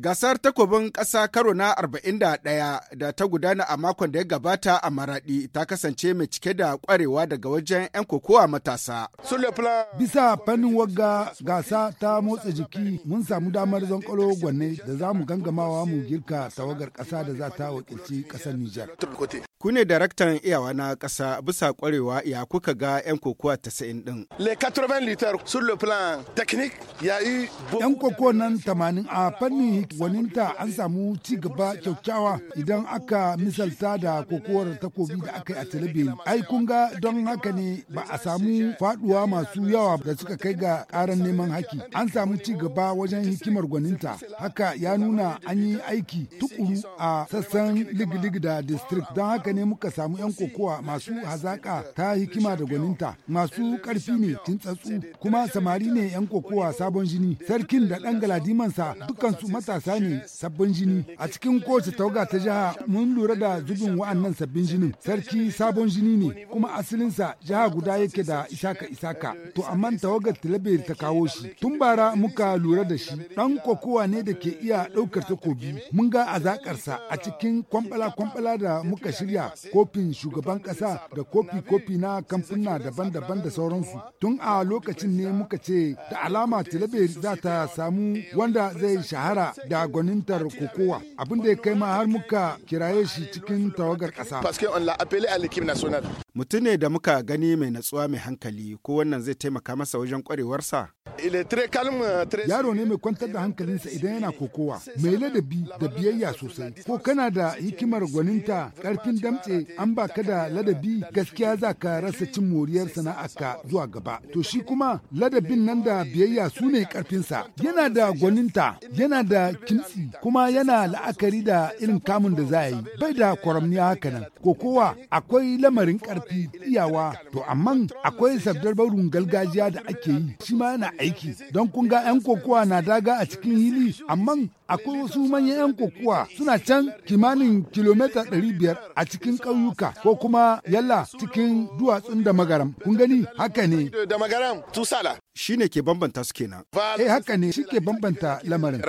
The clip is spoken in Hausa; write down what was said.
Gasar takobin ƙasa karo na 41 da ta gudana a makon da ya gabata a Maraɗi ta kasance mai cike da ƙwarewa daga wajen 'yan kokowa matasa. Bisa fannin wagga gasa ta motsa jiki mun samu damar zonkolo gwanne da za mu gangamawa mu girka tawagar ƙasa da za ta wakilci ƙasar Nijar. Ku ne daraktan iyawa na ƙasa bisa ƙwarewa ya kuka ga 'yan kokowa 90 ɗin. Le 80 litre sur le plan technique ya yi. 'Yan kokowa nan 80 a fannin waninta an samu ci gaba kyakkyawa idan aka misalta da kokowar takobi da aka yi a talabijin. Ai kun ga don haka ne ba a samu faduwa masu yawa da suka kai ga ƙaran neman haki. An samu ci gaba wajen hikimar gwaninta. Haka ya nuna an yi aiki tukuru a sassan ligi-ligi da district don haka haka ne muka samu 'yan kokowa masu hazaƙa ta hikima da gwaninta, masu karfi eh, ne tsatsu kuma samari ne 'yan kokowa sabon jini. Sarkin da ɗan galadimansa dukansu matasa ne sabon jini. A cikin kowace tauga ta jiha mun lura da zubin wa'annan sabbin jinin. Sarki sabon jini ne, kuma asalinsa jiha guda yake da isaka isaka. To amma tawagar talabe ta kawo shi. Tun bara muka lura da shi, ɗan kokowa ne da ke iya ɗaukar takobi. Mun ga azakarsa a cikin kwambala-kwambala da muka shirya Najeriya kofin shugaban ƙasa da kofi-kofi na kamfuna daban-daban da sauransu. Tun a lokacin ne muka ce da alama tilabe za ta samu wanda zai shahara da gwanintar kokowa abinda ya kai ma har muka kiraye shi cikin tawagar ƙasa. Mutum ne da muka gani mai natsuwa mai hankali ko wannan zai taimaka masa wajen kwarewarsa Yaro ne mai kwantar da hankalinsa idan yana kokowa, mai ladabi da biyayya sosai. Ko kana da hikimar gwaninta, karfin damtse, an baka da ladabi gaskiya za ka rasa cin moriyar ka zuwa gaba. To shi kuma ladabin nan da biyayya su ne ƙarfinsa. Yana da gwaninta, yana da kintsi kuma yana la'akari da irin kamun da za a yi. Bai da kwaramni haka nan. Kokowa akwai lamarin karfi iyawa, to amma akwai sabdar barun gargajiya da ake yi, shi ma yana aiki. aiki don kun ga 'yan kokowa na daga a cikin hili amma akwai wasu manyan 'yan kokowa suna can kimanin kilomita 500 a cikin ƙauyuka ko kuma yalla cikin duwatsun da magaram kun gani haka ne shi ne ke bambanta su kenan eh haka ne shi ke bambanta lamarin